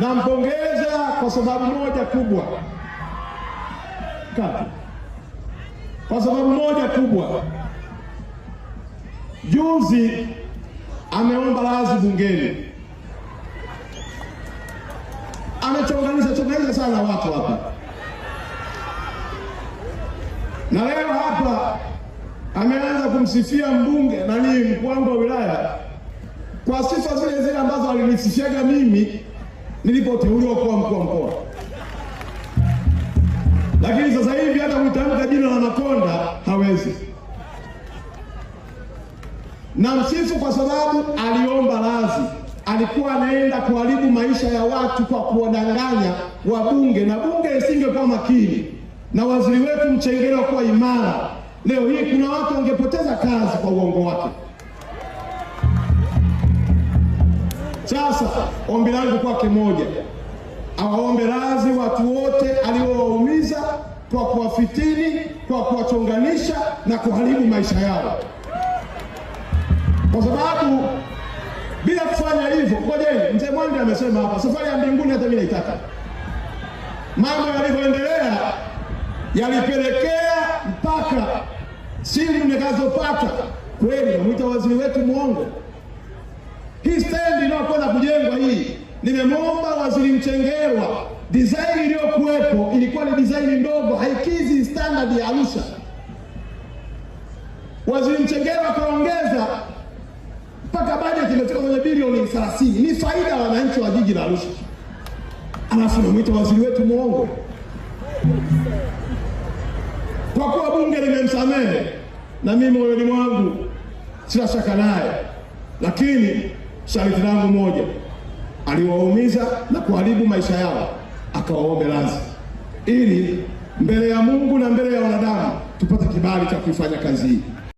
Nampongeza kwa sababu moja kubwa kati, kwa sababu moja kubwa, juzi ameomba razi bungeni, amechonganisha chonganisha sana watu hapa, na leo hapa ameanza kumsifia mbunge nani, mkuu wa wilaya kwa sifa zile zile ambazo alinisishaga mimi nilipoteuliwa kuwa mkuu wa mkoa. Lakini sasa hivi hata kutamka jina la Makonda hawezi, na msifu kwa sababu aliomba radhi. Alikuwa anaenda kuharibu maisha ya watu kwa kuwadanganya wabunge, na bunge isingekuwa makini na waziri wetu Mchengerwa kuwa imara, leo hii kuna watu wangepoteza kazi kwa uongo wake. Sasa ombi langu kwake moja, awaombe radhi watu wote aliowaumiza kwa kuwafitini, kwa kuwachonganisha na kuharibu maisha yao, kwa sababu bila kufanya hivyo, ngojeni. Mzee Mwandi amesema hapa, safari ya mbinguni hata mimi naitaka. Mambo yalivyoendelea yalipelekea mpaka simu nikazopata kweli, namwita waziri wetu mwongo hii stendi inayokwenda kujengwa hii, nimemwomba waziri Mchengerwa, design iliyokuwepo ilikuwa ni design ndogo, haikizi standard ya Arusha. Waziri Mchengerwa akaongeza mpaka bajeti imetoka kwenye bilioni 30. Ni faida ya wananchi wa jiji la Arusha, alafu namwita waziri wetu mwongo. Kwa kuwa bunge limemsamehe na mimi moyoni mwangu sina shaka naye, lakini shariki langu moja, aliwaumiza na kuharibu maisha yao, akawaombe radhi ili mbele ya Mungu na mbele ya wanadamu tupate kibali cha kuifanya kazi hii.